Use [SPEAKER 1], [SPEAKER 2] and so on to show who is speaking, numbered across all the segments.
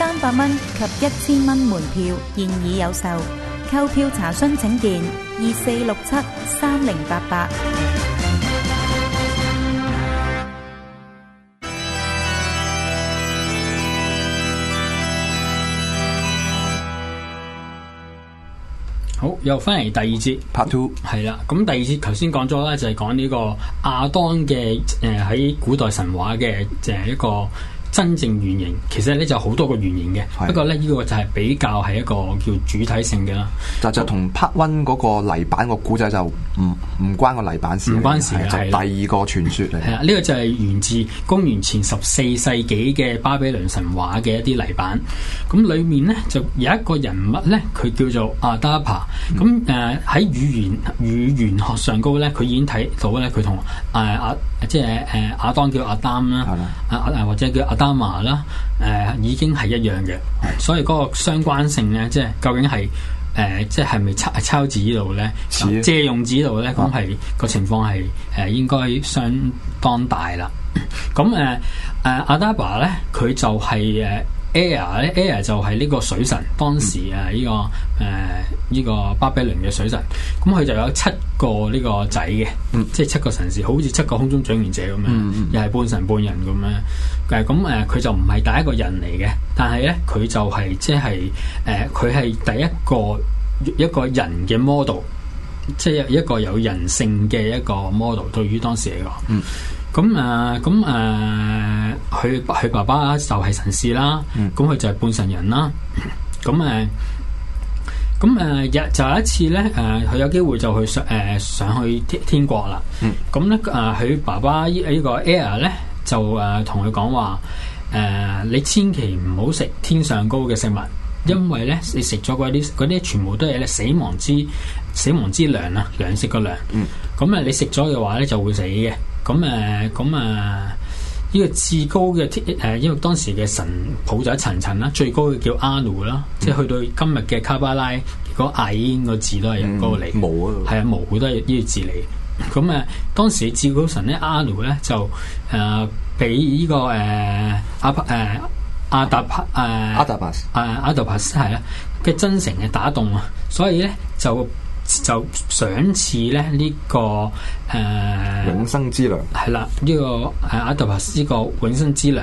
[SPEAKER 1] 三百蚊及一千蚊門票現已有售，購票查詢請電二四六七三零八八。
[SPEAKER 2] 好，又翻嚟第二節拍 a r t w o 係啦，咁 Part two. 第二節頭先講咗啦，就係講呢個亞當嘅誒喺古代神話嘅就誒一個。真正原型其實咧就好多個原型嘅，是的 不過咧呢個就係比較係一個叫主體性嘅啦。
[SPEAKER 1] 但就同柏温嗰個泥板個古仔就唔唔關個泥板事，唔關事啦，係的的第二個傳說嚟。係啊，呢
[SPEAKER 2] 個就係源自公元前十四世紀嘅巴比倫神話嘅一啲泥板。咁裡面咧就有一個人物咧，佢叫做阿達帕。咁誒喺語言語言學上高咧，佢已經睇到咧佢同誒阿。呃啊即係誒阿當叫阿丹啦，啊啊或者叫阿丹馬啦，誒已經係一樣嘅，所以嗰個相關性咧，即係究竟係誒、呃、即係係咪抄抄字呢度咧，像借用字度咧，咁係個情況係誒、呃、應該相當大啦。咁誒誒阿丹馬咧，佢、呃啊、就係、是、誒。呃 Air 咧，Air 就係呢個水神，當時誒、這、呢個誒呢、呃這個巴比倫嘅水神，咁、嗯、佢就有七個呢個仔嘅，嗯、即係七個神士，好似七個空中掌員者咁樣，又係、嗯嗯、半神半人咁樣。但係咁誒，佢、呃、就唔係第一個人嚟嘅。但係咧佢就係即係誒，佢、就、係、是、呃、第一個一個人嘅 model，即係一個有人性嘅一個 model，對於當時嚟講。嗯咁誒，咁誒、嗯，佢佢爸爸就係神士啦，咁佢、嗯、就係半神人啦。咁誒、嗯，咁誒，日就有一次咧，誒，佢有機會就去上誒上去天天國啦。咁咧、嗯，誒，佢爸爸呢依個 Air 咧就誒同佢講話，誒、呃，你千祈唔好食天上高嘅食物，因為咧你食咗嗰啲啲全部都係咧死亡之死亡之糧啦，糧食個糧。咁啊、嗯，你食咗嘅話咧就會死嘅。咁誒，咁誒，呢個至高嘅天誒，因為當時嘅神抱就一層層啦，最高嘅叫阿奴啦，即係去到今日嘅卡巴拉，個矮個字都係由嗰個嚟，冇啊，係啊，冇好多呢個字嚟。咁誒，當時嘅至高神咧，阿奴咧就誒俾依個誒阿帕阿達帕誒阿達帕斯阿達帕斯係啦，嘅真誠嘅打動啊，所以咧就。就賞賜咧呢、這個誒、呃、永生之糧，係啦呢個阿德伯斯呢個永生之糧。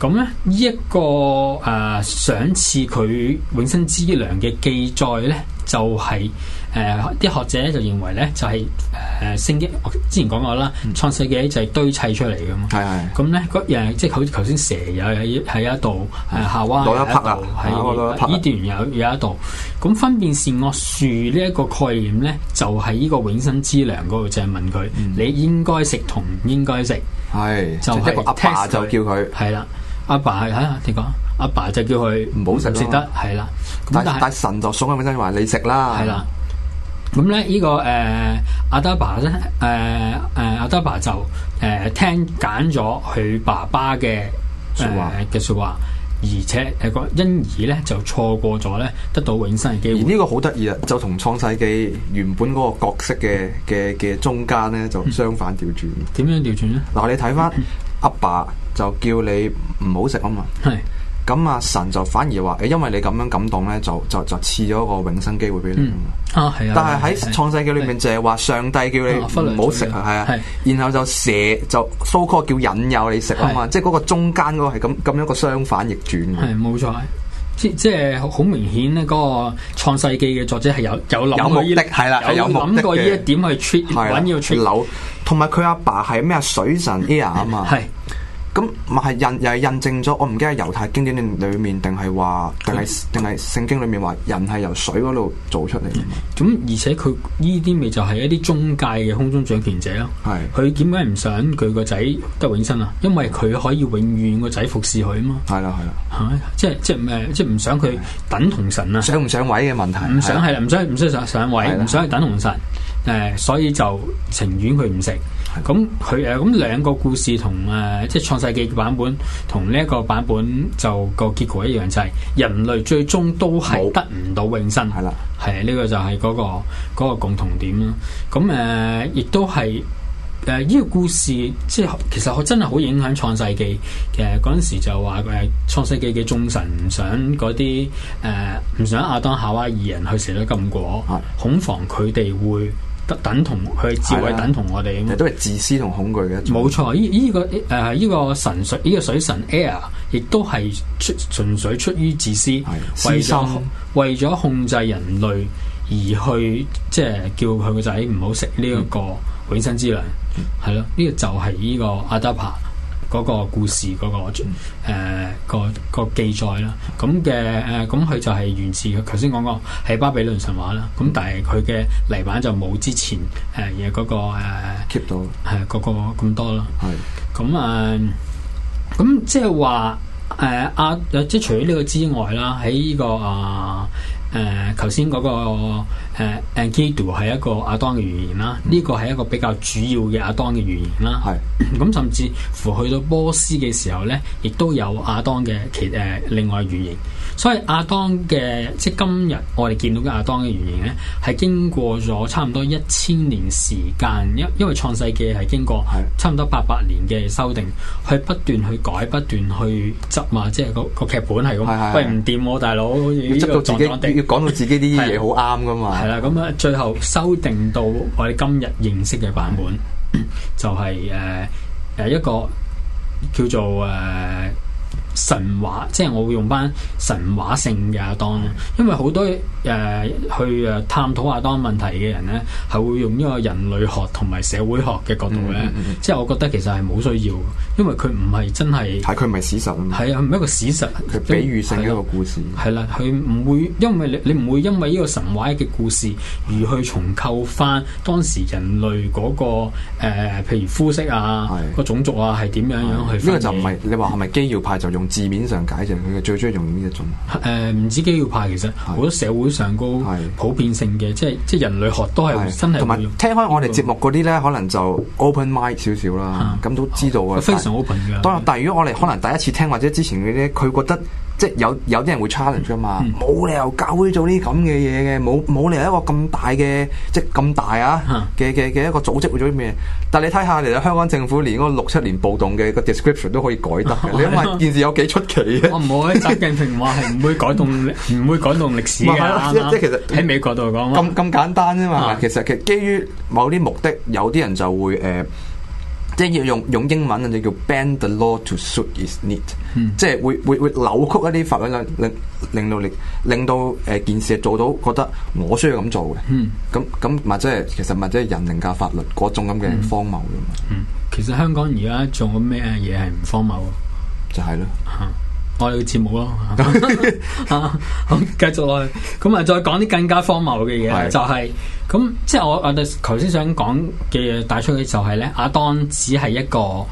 [SPEAKER 2] 咁咧呢一、這個誒賞賜佢永生之糧嘅記載咧，就係、是。誒啲學者咧就認為咧就係誒誒聖經，之前講過啦，創世紀就係堆砌出嚟嘅嘛。係咁咧嗰即係好似頭先蛇又喺喺一度係夏娃，多一匹啊！多呢段有有一度，咁分辨善惡樹呢一個概念咧，就係呢個永生之糧嗰度，就係、問佢：嗯、你應該食同應該食？係的就是一個阿爸，爸就叫佢係啦。阿爸係嚇、啊、你講？阿爸，爸
[SPEAKER 1] 就叫佢唔好食食得係啦。但但神就送啊！永生話你食啦。係啦。
[SPEAKER 2] 咁咧，呢、嗯這個誒、呃、阿德爸咧，誒、呃、誒阿德爸就誒、呃、聽揀咗佢爸爸嘅説話嘅説、呃、話，而且
[SPEAKER 1] 誒個因而咧就錯過咗咧得到永生嘅機會。而呢個好得意啊，就同創世記原本嗰個角色嘅嘅嘅中間咧就相反調轉。點、嗯、樣調轉咧？嗱、呃，你睇翻阿爸就叫你唔好食啊嘛。係。咁阿神就反而話誒，因為你咁樣感動咧，就就就賜咗個永生機會俾你
[SPEAKER 2] 啊！係啊，但係喺
[SPEAKER 1] 創世記裏面就係話上帝叫你唔好食佢，係啊，然後就蛇就 Sokol 叫引誘你食啊嘛，即係嗰個中間嗰個係咁咁樣個相反逆轉嘅，冇錯，即即係好明顯呢嗰個創世記嘅作者係有有諗過呢啲，係啦，有諗過呢一點去 treat 要 treat，同埋佢阿爸係咩啊水神 Ea 啊嘛，係。咁咪係印又係印證咗，我唔記得係猶太經典裏面定係話定係定係聖經裏面話人係由水嗰度做出嚟。咁、嗯嗯、而且佢
[SPEAKER 2] 呢啲咪就係一啲中介嘅空中掌權者咯。係，佢點解唔想佢個仔得永生啊？因為佢可以永遠個仔服侍佢啊嘛。係啦，係啦。即係即係唔即係唔想佢等同神啊？想唔想上位嘅問題？唔想係啦，唔想唔想上上位，唔想等同神。誒的、嗯，所以就情願佢唔食。咁佢誒，咁兩個故事同誒、呃，即係創世紀嘅版本，同呢一個版本就個結果一樣，就係、是、人類最終都係得唔到永生。係啦好，係啊的，呢、這個就係嗰、那個、那個共同點啦。咁誒、呃，亦都係誒呢個故事，即係其實我真係好影響創世紀嘅嗰陣時就話誒，創、呃、世紀嘅眾神唔想嗰啲誒唔想亞當夏娃二人去食咗禁果，的恐防佢哋會。等同佢智慧，等同我哋，其實都係
[SPEAKER 1] 自私同恐懼嘅一種。冇
[SPEAKER 2] 錯，呢、這、依個誒依、呃這個神水，依、這個水神 Air，亦都係出純粹出於自私，為咗為咗控，控制人類而去，即係叫佢個仔唔好食呢一個永生之糧。係咯、嗯，呢、這個就係呢個阿德帕。嗰個故事嗰、嗰個誒個、呃嗰個記載啦，咁嘅誒咁佢就係源自，頭先講過係巴比倫神話啦。咁但係佢嘅泥板就冇之前誒嘢嗰個 keep 到係嗰個咁多咯。係咁、呃呃、啊，咁即係話誒阿即係除咗呢個之外啦，喺呢、呢個啊。呃誒頭先嗰個誒 Enkidu、呃、係一個亞當嘅原型啦，呢、這個係一個比較主要嘅亞當嘅原型啦。係是，咁甚至乎去到波斯嘅時候咧，亦都有亞當嘅其誒、呃、另外嘅原型，所以亞當嘅即係今日我哋見到嘅亞當嘅原型咧，係經過咗差唔多一千年時間，因因為創世記係經過差唔多八百年嘅修訂是去不斷去改、不斷去執啊，即係、那個、那個劇本係咁。是是是喂，唔掂我大佬！執到撞撞地。要講到自己啲嘢好啱㗎嘛？ 係啦，咁啊，最後修訂到我哋今日認識嘅版本， 就係誒誒一個叫做誒，呃神話，即係我會用翻神話性嘅阿當，因為好多誒去誒探討下當問題嘅人咧，係會用呢個人類學同埋社會學嘅角度咧，即係我覺得其實係冇需要，因為佢唔係真係，睇佢唔係史實，係啊，唔係一個史實，佢比喻性一個故事，係啦，佢唔會因為你你唔會因為呢個神話嘅故事而去重構翻當時人類嗰個誒譬如膚色啊個種族啊係點樣樣去呢個就唔係你話係咪基要派就用？字面上解就係，佢嘅最中意用呢一種。誒唔止激進派，其實好多是社會上係普遍性嘅是，即係即係人
[SPEAKER 1] 類學都係是真係同埋聽開我哋節目嗰啲咧，那個、可能就 open mind 少少啦，咁、啊、都知道啊。但非常 open 嘅但。當的但係如果我哋可能第一次聽或者之前嗰啲，佢覺得。即係有有啲人會 challenge 㗎嘛，冇理由教會做啲咁嘅嘢嘅，冇冇理由一個咁大嘅即係咁大啊嘅嘅嘅一個組織會做啲咩？但係你睇下嚟，香港政府連嗰個六七年暴動嘅個 description 都可以改得，你諗下件事有幾出奇啊！我唔會，習
[SPEAKER 2] 近平話係唔會改動，唔會改動歷史嘅啱唔啱？即係其實
[SPEAKER 1] 喺美國度嚟講，咁咁簡單啫嘛。其實其實基於某啲目的，有啲人就會誒。即係要用用英文啊！就叫 bend the law to suit its need 即係會會會扭曲一啲法律令令到令令到，誒件事做到覺得我需要咁做嘅。嗯，咁咁或者係其實或者係人定噶法律嗰種咁嘅荒謬噶嘛。嗯，其實香
[SPEAKER 2] 港而家做緊咩嘢係唔荒謬？
[SPEAKER 1] 就係咯。Uh huh.
[SPEAKER 2] 我哋嘅節目咯，啊，好繼續落去，咁啊，再講啲更加荒謬嘅嘢，是的 就係、是、咁，即係我我哋頭先想講嘅嘢帶出去，就係、是、咧，阿當只係一個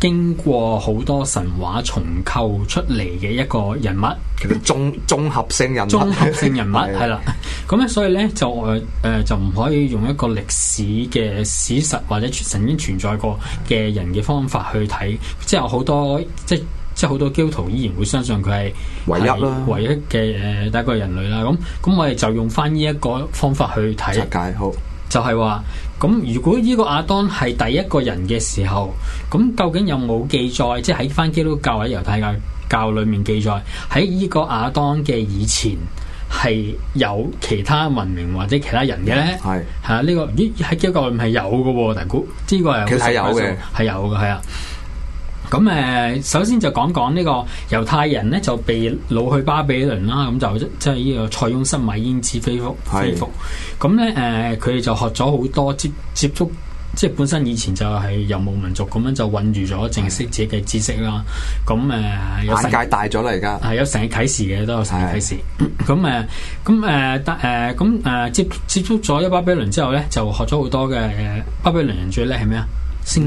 [SPEAKER 2] 經過好多神話重構出嚟嘅一個人物，叫做綜綜合性人物，綜合性人物係啦，咁咧是的 所以咧就誒誒、呃、就唔可以用一個歷史嘅史實或者曾經存在過嘅人嘅方法去睇，即係好多即係。即係好多基督徒依然會相信佢係唯一啦，唯一嘅誒第一個人類一啦。咁咁我哋就用翻呢一個方法去睇，解好就係話咁如果呢個亞當係第一個人嘅時候，咁究竟有冇記載？即係喺翻基督教或者猶太教教裏面記載，喺呢個亞當嘅以前係有其他文明或者其他人嘅咧？係係是啊，呢、這個喺基督教裡面係有嘅，大估，呢個係其實係有嘅，係有嘅，係啊。咁誒，首先就講講呢個猶太人咧，就被擄去巴比倫啦，咁就即係呢個塞翁失馬焉知非福非福。咁咧誒，佢哋、呃、就學咗好多接接觸，即係本身以前就係游牧民族，咁樣就韞住咗，淨係識自己嘅知識啦。咁誒眼界
[SPEAKER 1] 大咗啦，而家
[SPEAKER 2] 係有成日啓示嘅，都有成啓示。咁誒是，咁誒、嗯，誒，咁、呃、誒、呃呃、接接觸咗巴比倫之後咧，就學咗好多嘅巴比倫人，人最叻係咩啊？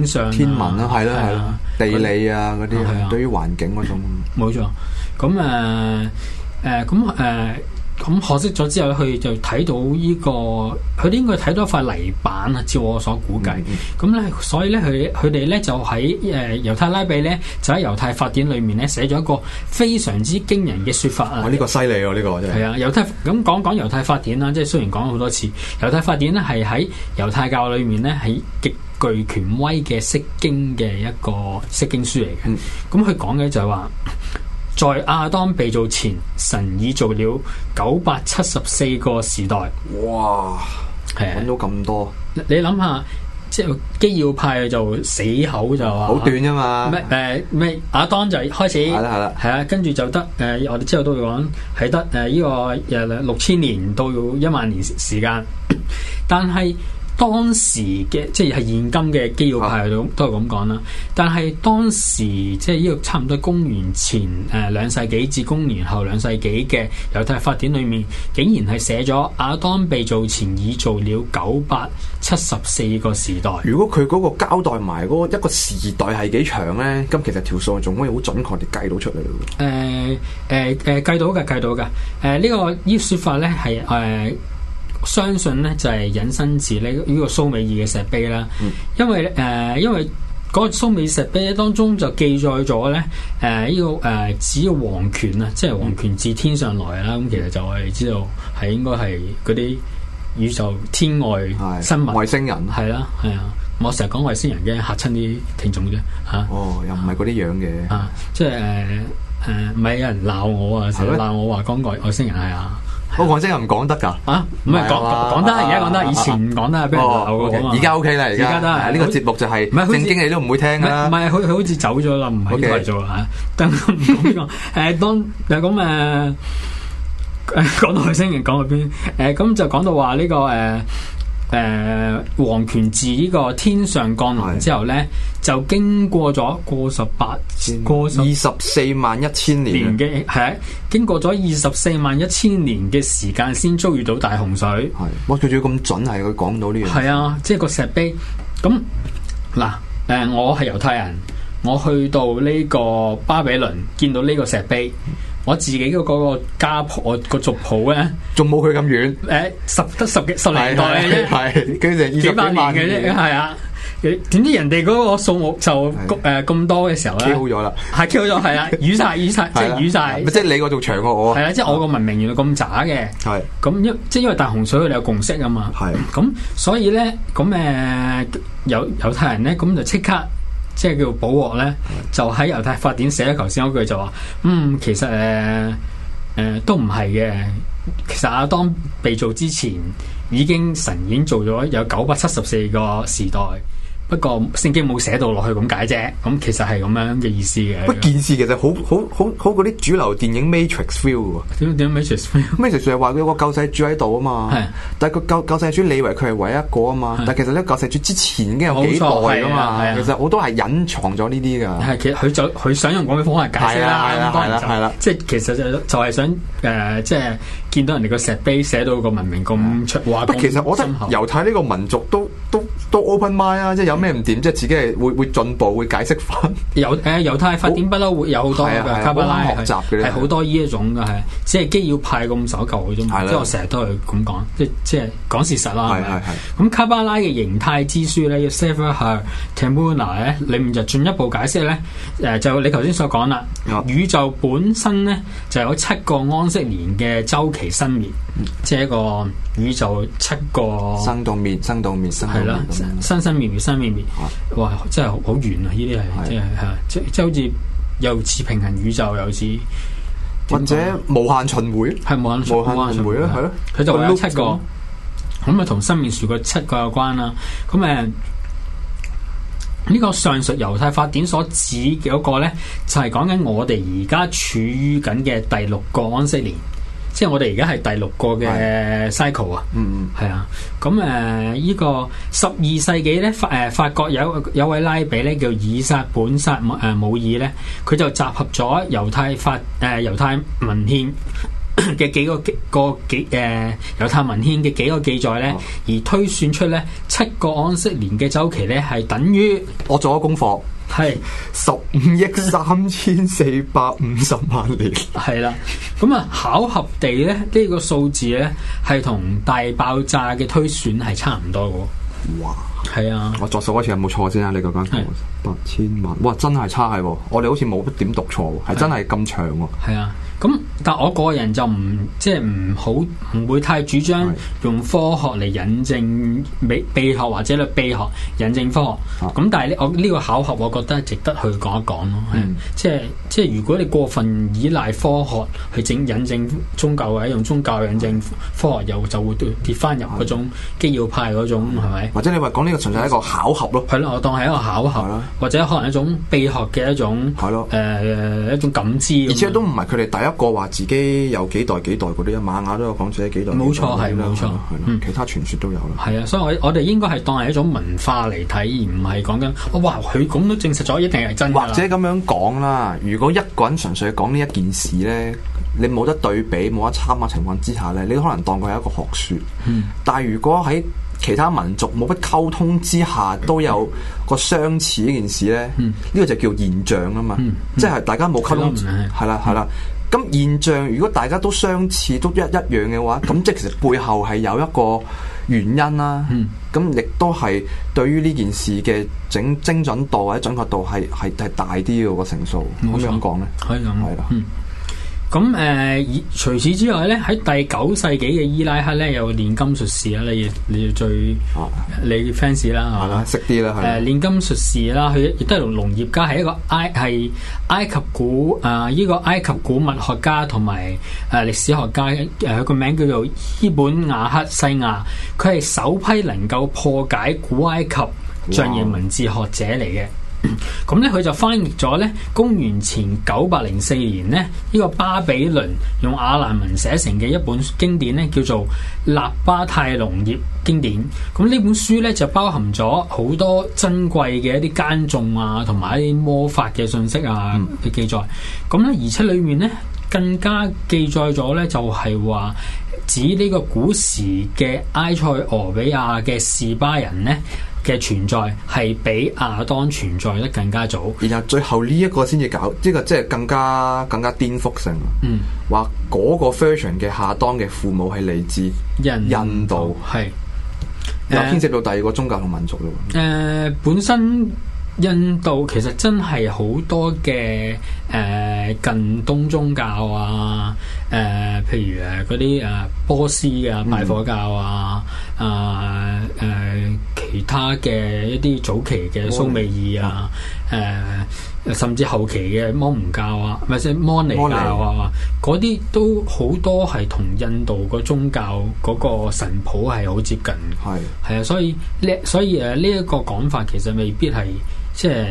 [SPEAKER 2] 上、嗯、天文啦、啊，係啦、啊，係啦、啊，就是、
[SPEAKER 1] 地理啊，嗰啲，對於環境嗰種。冇錯，咁誒
[SPEAKER 2] 誒，咁誒咁學識咗之後佢就睇到呢個，佢應該睇到塊泥板啊，照我所估計。咁咧，所以咧，佢佢哋咧就喺誒猶太拉比咧，就喺猶太法典裏面咧寫咗一個非常之驚人嘅説法啊！呢個犀利喎，呢個真係。係啊，猶太咁講講猶太法典啦，即係雖然講咗好多次，猶太法典咧係喺猶太教裏面咧係極。具權威嘅釋經嘅一個釋經書嚟嘅，咁佢講嘅就係話，在亞當被造前，神已造了九百七十四個時代。
[SPEAKER 1] 哇，
[SPEAKER 2] 係啊是，揾到咁多，你諗下，即係基要派就死口就話，好短啊嘛。咩、呃？誒、呃、咩？亞、呃、當就開始，係啦係啦，係啊，跟住就得誒、呃，我哋之後都會講，係得誒，呢、呃，這個誒、呃、六千年到一萬年時間，但係。當時嘅即係現今嘅基要派度、啊、都係咁講啦。但係當時即係呢個差唔多公元前誒、呃、兩世紀至公元後兩世紀嘅猶太法典裏面，竟然係寫咗亞當被造前已
[SPEAKER 1] 做了九百七十四個時代。如果佢嗰個交代埋嗰一個時代係幾長咧，咁其實條數仲可以好準確地計、呃呃呃、到出嚟。
[SPEAKER 2] 誒誒誒，計到嘅計到嘅。誒、這個這個這個、呢個呢個說法咧係誒。相信咧就係引申自咧呢個蘇美爾嘅石碑啦、嗯呃，因為誒因為嗰個蘇美石碑當中就記載咗咧誒呢個誒指皇權啊，即係皇權自天上來啦，咁、嗯、其實就係知道係應該係嗰啲宇宙天外生物外星人係啦，係啊，啊，啊，我成日講外星人嘅嚇親啲聽眾
[SPEAKER 1] 啫吓，啊、哦又唔係嗰啲樣嘅啊，
[SPEAKER 2] 即係誒唔係有人鬧我說說人啊，成日鬧我話講外外星人係啊。
[SPEAKER 1] 個外真，哦、星人唔講得噶，啊，唔係講講得而家講得，以
[SPEAKER 2] 前唔講得，而家、啊、OK 啦，而家都係，呢、嗯啊這個節目就係、是、正經嘅，你都唔會聽啦。唔係，佢好似走咗啦，唔係咁嚟做吓。等唔講呢個，誒、啊，當又咁誒，講外星人講到邊，誒，咁就講到話呢個誒。誒、呃，王權自呢個天上降來之後呢，是的 就經過咗過十八、過二十四萬一千年嘅係，經過咗二十四萬一千年嘅時間先遭遇到大洪水。係，哇！佢仲要咁準係，佢講到呢樣。係啊，即係個石碑。咁嗱，誒、呃，我係猶太人，我去到呢個巴比倫見到呢個石碑。我自己嗰個家婆個族譜咧，仲冇佢咁遠。誒十得十幾十年代啫，係幾百年嘅啫，係啊。點知人哋嗰個數目就誒咁多嘅時候咧咗啦，係 Q 咗，係啊，雨晒雨曬即係雨曬即係你個仲長過我。係啊，即係我個文明原來咁渣嘅。係。咁因即係因為大洪水佢哋有共識啊嘛。係。咁所以咧，咁誒有猶太人咧，咁就即刻。即係叫保鑊咧，就喺猶太法典寫咗頭先嗰句就話，嗯，其實誒誒、呃呃、都唔係嘅，其實阿當被造之前，已經神已經做咗有九百七十四個時代。不過聖經冇寫到落去咁解
[SPEAKER 1] 啫，咁其實係咁樣嘅意思嘅。一件事其實好好好好嗰啲主流電影 Matrix feel 點解 Matrix feel，Matrix 就係話佢有個救世主喺度啊嘛，但係個救救世主你以為佢係唯一一個啊嘛，但係其實呢個救世主之前已經有幾代噶嘛，其實好多係隱藏咗呢啲噶。
[SPEAKER 2] 其實佢想佢想用嗰啲方法解釋啦，係啦係啦係啦，即係其實就
[SPEAKER 1] 就係想誒即係。見到人哋個石碑寫到個文明咁出話，其實我覺得猶太呢個民族都都都 open mind 啊！即係有咩唔掂，即係自己係會會進步，會解釋翻。
[SPEAKER 2] 猶誒猶太發展不嬲，有好多嘅卡巴拉係好多呢一種嘅係，即係基要派咁守舊嗰種即係我成日都係咁講，即即係講事實啦。係係係。咁卡巴拉嘅形態之書咧，要 Sefer ha-Temunah 咧，你面就進一步解釋咧。誒就你頭先所講啦，宇宙本身咧就有七個安息年嘅周期。生滅，即係一個宇宙七個生動滅，生動滅，係啦，生生滅滅，生滅滅。佢、啊、生生哇，真係好圓啊！呢啲係，即係，即係，即係，好似又似平行宇宙，又似或者無限循環，係無限巡迴無限循環啦，係咯，佢的就有七個，咁啊，同生命樹嘅七個有關啦、啊。咁誒，呢、這個上述猶太法典所指嘅一個咧，就係講緊我哋而家處於緊嘅第六個安息年。即係我哋而家係第六個嘅 cycle 啊，嗯嗯，係啊。咁誒，依、呃這個十二世紀咧，法誒法國有有位拉比咧叫以撒本撒誒姆爾咧，佢、呃、就集合咗猶太法誒猶、呃、太文獻嘅幾個幾個幾誒、呃、猶太文獻嘅幾個記載咧，哦、而推算出咧七個安息年嘅周期咧，係，等於我做咗功課。係是十五億三千四百五十萬年，係 啦。咁啊，巧合地咧，這個、數呢個數字咧係同大爆炸嘅推算係差唔多喎。哇
[SPEAKER 1] 嘩！係啊的，我作數嗰次有冇錯先啊？你講緊的八千萬，哇！真係差係，我哋好似冇點讀錯，係真係咁長喎。係啊。咁，
[SPEAKER 2] 但我個人就唔即係唔好，唔會太主張用科學嚟引證秘秘學或者咧秘學引證科學。咁、啊、但係咧，我呢個巧合，我覺得值得去講一講咯、嗯。即係即係，如果你過分依賴科學去整引證宗教，或者用宗教引證科學，又就會跌翻入嗰種基要派嗰種係咪？啊、吧或者你話講呢個純粹係一個巧合咯？係咯，我當係一個巧合。了或者可能一
[SPEAKER 1] 種秘學嘅一種，誒了、uh, 一種感知。而且都唔係佢哋第一個話自己有幾代幾代嗰啲啊，瑪雅都有講自己幾代，冇錯係，冇錯係啦。其他傳說都有
[SPEAKER 2] 啦，係啊，所以我我哋應該係當係一種文化嚟睇，而唔係講緊，哇，佢咁都證實咗，一定係真噶。或者
[SPEAKER 1] 咁樣講啦，如果一個人純粹講呢一件事咧，你冇得對比，冇得參考情況之下咧，你可能當佢係一個學說。嗯，但係如果喺其他民族冇乜溝通之下，都有個相似呢件事咧，呢個就叫現象啊嘛，即係大家冇溝通，係啦，係啦。咁現象，如果大家都相似，都一一樣嘅話，咁即係其實背後係有一個原因啦。咁、嗯、亦都係對於呢件事嘅整精準度或者準確度係係係大啲嘅、個成數。咁想講咧，係啦，係啦，嗯。的咁誒，以
[SPEAKER 2] 除、呃、此之外咧，喺第九世紀嘅伊拉克咧，有煉金術士你你最啊，例如，例如最你 fans 啦，係啦，識啲啦，係、呃。誒，煉金術士啦，佢亦都係農業家，係一個埃係埃及古啊呢、呃、個埃及古物學家同埋誒歷史學家，誒佢個名叫做伊本雅克西亞，佢係首批能夠破解古埃及象形文字學者嚟嘅。咁咧，佢、嗯、就翻譯咗咧，公元前九百零四年咧，呢、這個巴比倫用亞蘭文寫成嘅一本經典咧，叫做《納巴泰農業經典》。咁、嗯、呢、嗯、本書咧就包含咗好多珍貴嘅一啲耕種啊，同埋一啲魔法嘅信息啊嘅記載。咁、嗯、咧、嗯嗯嗯，而且裏面咧更加記載咗咧，就係、是、話指呢個古時嘅埃塞俄比亞嘅士巴人咧。嘅存在係比亞當存在得更加
[SPEAKER 1] 早，然後最後呢一個先至搞，呢、這個即係更加更加顛覆性。嗯，話嗰個 version 嘅夏當嘅父母係嚟自人印度，係又牽涉到第二個宗教同民族咯。
[SPEAKER 2] 誒、呃呃，本身。印度其實真係好多嘅誒、呃、近東宗教啊，誒、呃、譬如誒嗰啲誒波斯啊、拜火教啊，誒、呃、誒、呃、其他嘅一啲早期嘅蘇美爾啊。嗯嗯誒、呃、甚至後期嘅摩門教啊，咪即係摩尼教啊，嗰啲尼都好多係同印度個宗教嗰個神譜係好接近，係係啊，所以呢，所以誒呢一個講法其實未必係、嗯、即係。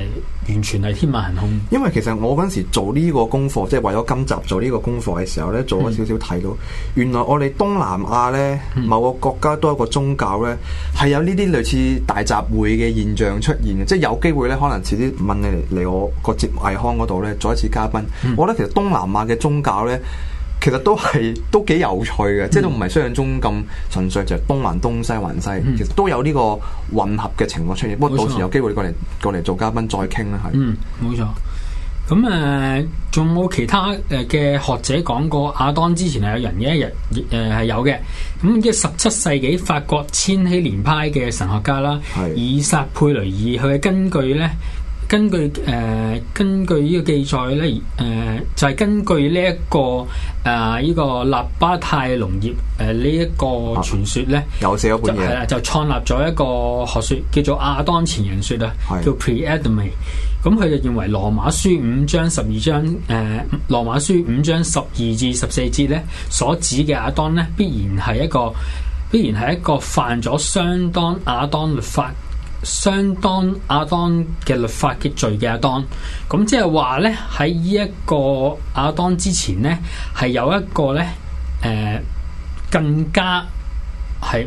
[SPEAKER 2] 完全係天馬行空。
[SPEAKER 1] 因為其實我嗰陣時做呢個功課，即係為咗今集做呢個功課嘅時候呢，做咗少少睇到，嗯、原來我哋東南亞呢某個國家都有一個宗教呢，係有呢啲類似大集會嘅現象出現嘅，即係有機會呢，可能遲啲問你嚟我個節目藝康嗰度呢，做一次嘉賓。嗯、我覺得其實東南亞嘅宗教呢。其實都係都幾有趣嘅，嗯、即係都唔係想象中咁純粹就東還東，西還西，嗯、其實都有呢個混合嘅情況出現。不過到時有機會過嚟過嚟做嘉賓再傾啦，係。嗯，
[SPEAKER 2] 冇錯。咁誒、仲、呃、冇其他誒嘅學者講過亞當之前係有人嘅，一日誒係有嘅。咁即係十七世紀法國千禧年派嘅神學家啦，的以撒佩雷爾佢係根據咧。根據誒、呃、根據呢個記載咧，誒、呃、就係、是、根據呢、這、一個誒呢、呃這個納巴泰農業誒、呃這個、呢一個傳說咧，
[SPEAKER 1] 有寫一本嘢，係啦，
[SPEAKER 2] 就創立咗一個學説叫做亞當前人説啊，的叫 Pre-Adamite 咁、嗯、佢就認為《羅馬書》五章十二章，誒、呃《羅馬書》五章十二至十四節咧，所指嘅亞當咧，必然係一個必然係一個犯咗相當亞當律法。相當亞當嘅律法嘅罪嘅亞當，咁即係話呢，喺呢一個亞當之前呢，係有一個呢，誒、呃、更加係誒、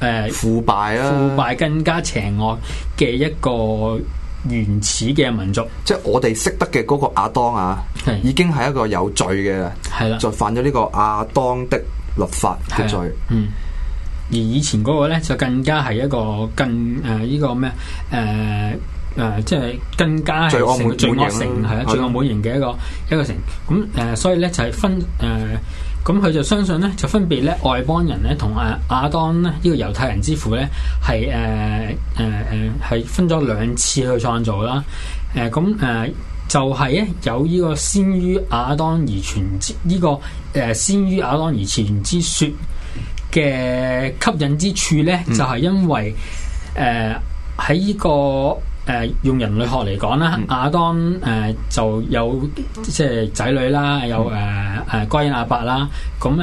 [SPEAKER 2] 呃、腐
[SPEAKER 1] 敗啦，腐敗更加邪惡嘅一個原始嘅民族。即係我哋識得嘅嗰個亞當啊，已經係一個有罪嘅，係啦的，就犯咗呢個亞當的律法嘅罪。嗯。而以前嗰個咧就
[SPEAKER 2] 更加係一個更誒呢、呃、個咩誒誒，即係更加係成個罪惡性，係啊，罪惡母型嘅一個、嗯、一個城。咁、嗯、誒、呃，所以咧就係、是、分誒，咁、呃、佢就相信咧，就分別咧外邦人咧同誒亞當咧呢、這個猶太人之父咧係誒誒誒係分咗兩次去創造啦。誒咁誒就係、是、咧有呢個先於亞當而傳之呢、這個誒先於亞當而傳之説。嘅吸引之處咧，就係因為誒喺呢個誒、呃、用人類學嚟講啦，亞當誒、呃、就有即係仔女啦，有誒誒高爾亞伯啦，咁誒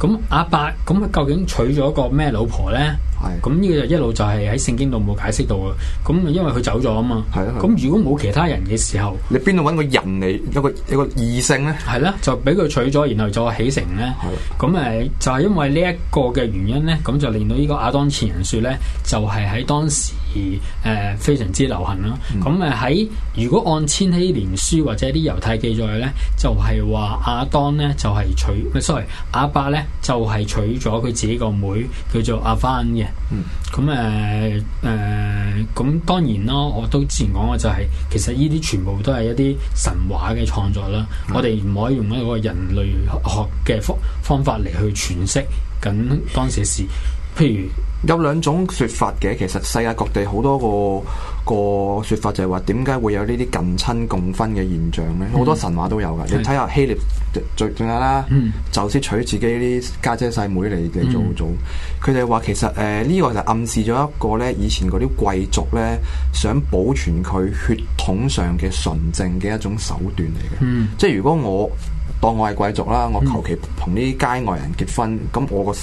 [SPEAKER 2] 咁亞伯咁、啊、究竟娶咗個咩老婆咧？係，咁呢個一就一路就係喺聖經度冇解釋到嘅，咁因為佢走咗啊嘛，咁的如果冇其他人嘅時候，你邊度搵個人嚟，有個有個異性咧？係啦，就俾佢娶咗，然後就起城咧，咁誒的就係因為呢一個嘅原因咧，咁就令到呢個亞當前人說咧，就係、是、喺當時。而誒、呃、非常之流行啦。咁誒喺如果按《千禧年書》或者啲猶太記載呢，就係、是、話阿當呢就係娶 sorry，阿伯呢就係娶咗佢自己個妹叫做阿番嘅。咁誒誒，咁、呃呃、當然啦。我都之前講過、就是，就係其實呢啲全部都係一啲神話嘅創作啦。嗯、我哋唔可以用一個人類學
[SPEAKER 1] 嘅方方法
[SPEAKER 2] 嚟去詮釋緊當
[SPEAKER 1] 時事。譬如有兩種説法嘅，其實世界各地好多個個説法就係話點解會有呢啲近親共婚嘅現象咧？好、嗯、多神話都有噶，的你睇下希臘，最最緊要啦，嗯、就先娶自己啲家姐細妹嚟嚟做做。佢哋話其實誒呢、呃呢個就暗示咗一個咧，以前嗰啲貴族咧想保存佢血統上嘅純正嘅一種手段嚟嘅。嗯嗯、即係如果我當我係貴族啦，我求其同啲街外人結婚，咁我個。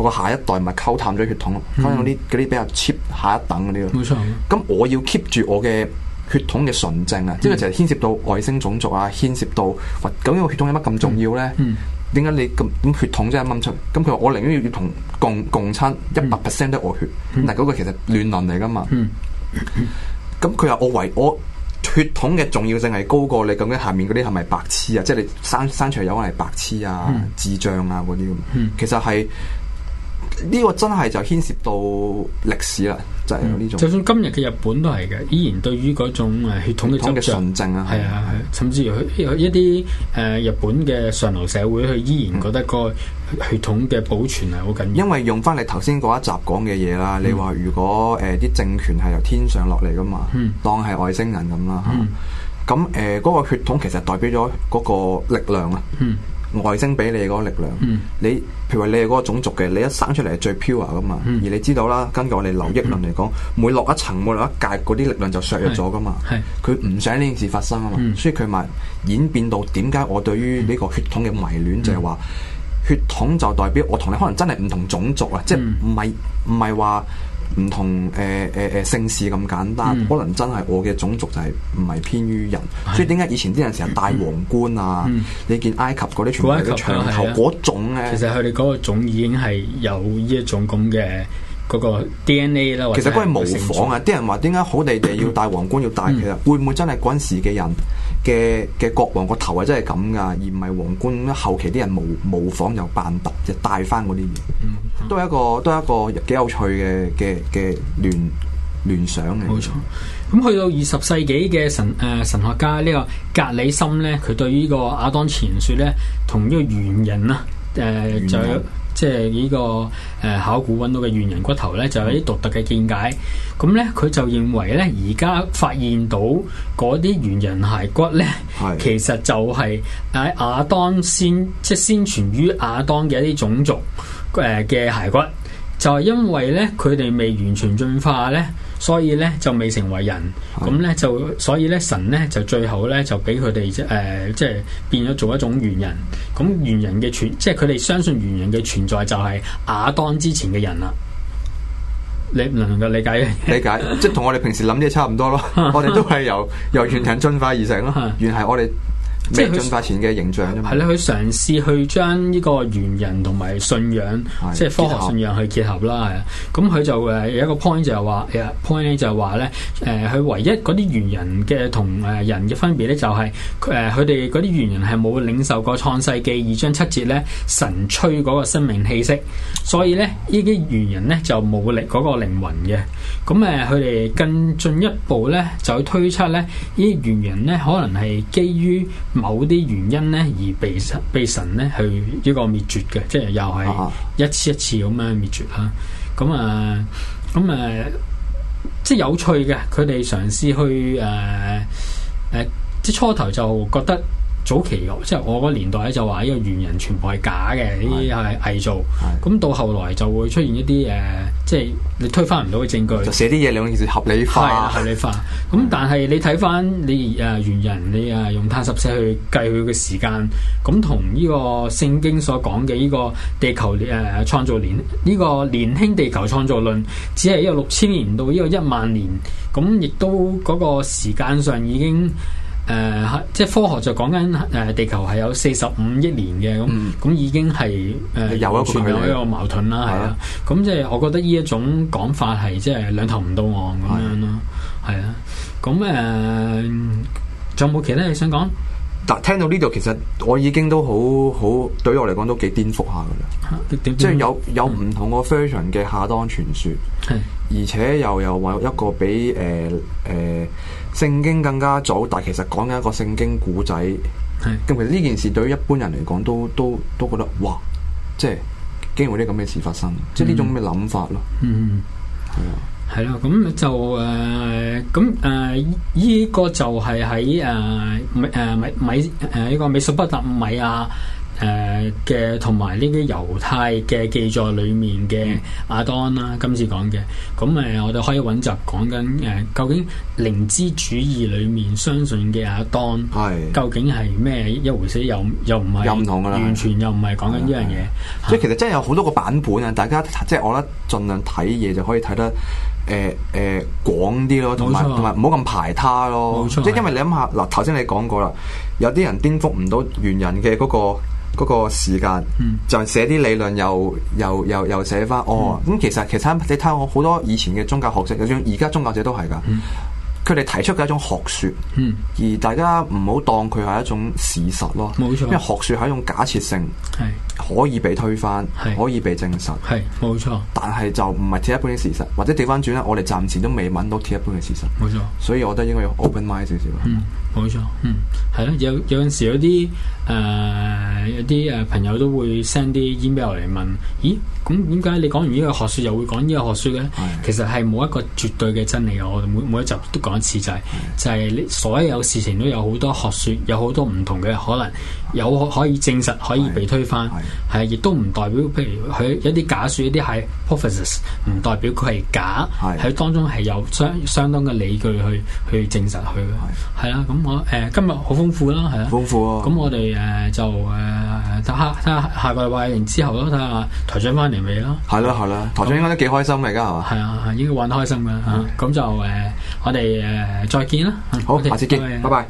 [SPEAKER 1] 個下一代咪係溝淡咗血統咯，翻到啲嗰啲比較 cheap 下一等嗰啲咯。冇錯，咁我要 keep 住我嘅血統嘅純正啊，即係其實牽涉到外星種族啊，牽涉到喂，咁呢個血統有乜咁重要咧？點解你咁血統真係掹出？咁佢話我寧願要同共共產一百 percent 都係我血，但係嗰個其實亂倫嚟噶嘛？咁佢話我為我血統嘅重要性係高過你究竟下面嗰啲係咪白痴啊？即係你生出嚟有冇係白痴啊、智障啊嗰啲？其實係。呢個真係就牽涉到歷史啦，就係有呢種、嗯。就算
[SPEAKER 2] 今日嘅日本都係嘅，依然對於嗰種誒血統嘅純正啊，係啊，係、啊啊、甚至於一啲誒、呃、日本嘅上流社會，佢依
[SPEAKER 1] 然覺得個血統嘅保存係好緊要、嗯。因為用翻你頭先嗰一集講嘅嘢啦，嗯、你話如果誒啲、呃、政權係由天上落嚟噶嘛，嗯、當係外星人咁啦吓。咁誒、嗯，嗰、嗯呃嗰個血統其實代表咗嗰個力量啊。嗯嗯外星俾你嗰力量，嗯、你譬如話你係嗰個種族嘅，你一生出嚟係最 pure 嘅嘛。嗯、而你知道啦，根據我哋流溢論嚟講，嗯、每落一層，每落一界，嗰啲力量就削弱咗噶嘛。佢唔是想呢件事發生啊嘛，嗯、所以佢咪演變到點解我對於呢個血統嘅迷戀就，就係話血統就代表我同你可能真係唔同種族啊，嗯、即係唔係唔係話。唔同誒誒誒姓氏咁簡單，嗯、可能真係我嘅種族就係唔係偏於人，是所以點解以前啲人成日戴皇冠啊？嗯、你見埃及嗰啲全部長頭嗰
[SPEAKER 2] 種咧、啊，其實佢哋嗰個種已經係有呢一種咁嘅嗰個 DNA 啦。其實嗰係模仿啊！
[SPEAKER 1] 啲人話點解好地地要戴皇冠要戴嘅，嗯、其實會唔會真係軍事嘅人？嘅嘅國王個頭啊，真係咁㗎，而唔係皇冠。後期啲人模模仿又扮特，就帶翻嗰啲嘢。嗯，都係一個都係一個幾有趣嘅嘅嘅聯聯想嘅。冇錯。咁去
[SPEAKER 2] 到二十世紀嘅神誒、呃、神學家呢個格里森咧，佢對於個阿呢個阿當傳説咧同呢個猿人啦，誒、呃、就文即係呢、這個誒、呃、考古揾到嘅猿人骨頭呢，就有啲獨特嘅見解。咁呢，佢就認為呢，而家發現到嗰啲猿人骸骨呢，的其實就係喺亞當先即係先存於亞當嘅一啲種族嘅骸、呃、骨，就係、是、因為呢，佢哋未完全進化呢。所以咧就未成為人，咁咧就所以咧神咧就最後咧就俾佢哋誒即係變咗做一種猿人，咁猿人嘅存，即係佢哋相信猿人嘅存在就係亞當之前嘅人啦。
[SPEAKER 1] 你唔能夠理解咩？理解即係同我哋平時諗嘅差唔多咯， 我哋都係由由猿人進化而成咯， 原係我哋。即係佢他進化前嘅形象啫嘛。係咧，
[SPEAKER 2] 佢嘗試去將呢個猿人同埋信仰，的即係科學信仰去結合啦。係，咁佢就誒有一個 point 就係話，誒、yeah, point 咧就係話咧，誒、呃、佢唯一嗰啲猿人嘅同誒人嘅分別咧，就是，就係誒佢哋嗰啲猿人係冇領受過創世記二章七節咧神吹嗰個生命氣息，所以咧呢啲猿人咧就冇力嗰個靈魂嘅。咁誒佢哋更進一步咧就推出咧呢啲猿人咧可能係基於，某啲原因咧而被神被神咧去呢個滅絕嘅，即係又係一次一次咁樣滅絕啦。咁啊，咁啊，啊，即係有趣嘅，佢哋嘗試去誒誒、啊啊，即係初頭就覺得。早期嘅即係我嗰年代咧就話呢個猿人全部係假嘅，呢啲係偽造。咁的的到後來就會出現一啲誒、呃，即係你推翻唔到嘅證據，就寫啲嘢兩件事：合理化，合理化。咁但係你睇翻你誒、猿、呃、人，你啊用碳十四去計佢嘅時間，咁、嗯、同呢個聖經所講嘅呢個地球誒創、呃、造年，呢、這個年輕地球創造論，只係一個六千年到呢個一萬年，咁、嗯、亦都嗰個時間上已經。誒、呃，即係科學就講緊誒，地球係有四十五億年嘅咁，咁、嗯、已經係誒、呃、完全有,有一個矛盾啦，係啦、啊。咁、啊、即係我覺得呢一種講法係即係兩頭唔到岸咁樣咯，係啊。咁誒、啊，呃、仲
[SPEAKER 1] 有冇其他嘢想講？嗱，但聽到呢度其實我已經都好好，對我嚟講都幾顛覆下噶啦，啊、即係有有唔同個 fashion 嘅阿當傳説，嗯、而且又又話一個比誒誒、呃呃、聖經更加早，但係其實講緊一個聖經古仔，咁、嗯嗯嗯嗯、其實呢件事對於一般人嚟講都都都，都覺得哇，即係竟然會啲咁嘅事發生，即係呢種嘅諗法咯、嗯，嗯，係、嗯、啊。
[SPEAKER 2] 係咯，咁就誒，咁誒依個就係喺誒美誒美美誒呢個美索不達米亞誒嘅同埋呢啲猶太嘅記載裏面嘅亞當啦，今次講嘅，咁誒我哋可以揾集講緊誒，究竟靈知主義裏面相
[SPEAKER 1] 信嘅亞當係究竟係咩一回事？又又唔係，又唔同噶啦，完全又唔係講緊呢樣嘢。所以其實真係有好多個版本啊！大家即係我覺得，儘量睇嘢就可以睇得。誒誒，廣啲、呃呃、咯，同埋同埋唔好咁排他咯，啊、即係因為你諗下嗱，頭先你講過啦，有啲人顛覆唔到猿人嘅嗰、那個嗰、那個時間，嗯、就寫啲理論又又又又寫翻哦，咁、嗯嗯、其實其實你睇我好多以前嘅宗教學識，就算而家宗教者都係噶。嗯佢哋提出嘅一種學説，嗯，而大家唔好當佢係一種事實咯，冇錯。因為學説係一種假設性，係是可以被推翻，係是可以被證實，係冇錯。但係就唔係鐵一般嘅事實，或者調翻轉咧，我哋暫時都未揾到鐵一般嘅事實，冇錯。所以我覺得應該要 open mind 少少，嗯，冇錯，嗯，係咯。有有陣時有啲誒、呃、有啲誒朋友都
[SPEAKER 2] 會 send 啲 email 嚟問，咦？咁點解你講完呢個學説又會講呢個學説咧？的其實係冇一個絕對嘅真理，我每每一集都講。一次就係，就係你所有事情都有好多學說，有好多唔同嘅可能。有可以證實可以被推翻，係亦都唔代表譬如佢一啲假說，一啲 hypothesis 唔代表佢係假，喺當中係有相相當嘅理據去去證實佢。係啦，咁我誒今日好豐富啦，係啊，豐富啊！咁我哋誒就誒下下下個禮拜完之後咯，睇下台長翻嚟未啦。係啦
[SPEAKER 1] 係啦，台長應
[SPEAKER 2] 該都幾開心嘅，而家係嘛？係啊係，應該玩得開心嘅嚇。咁就誒我哋誒再見啦。好，下次見，拜
[SPEAKER 1] 拜。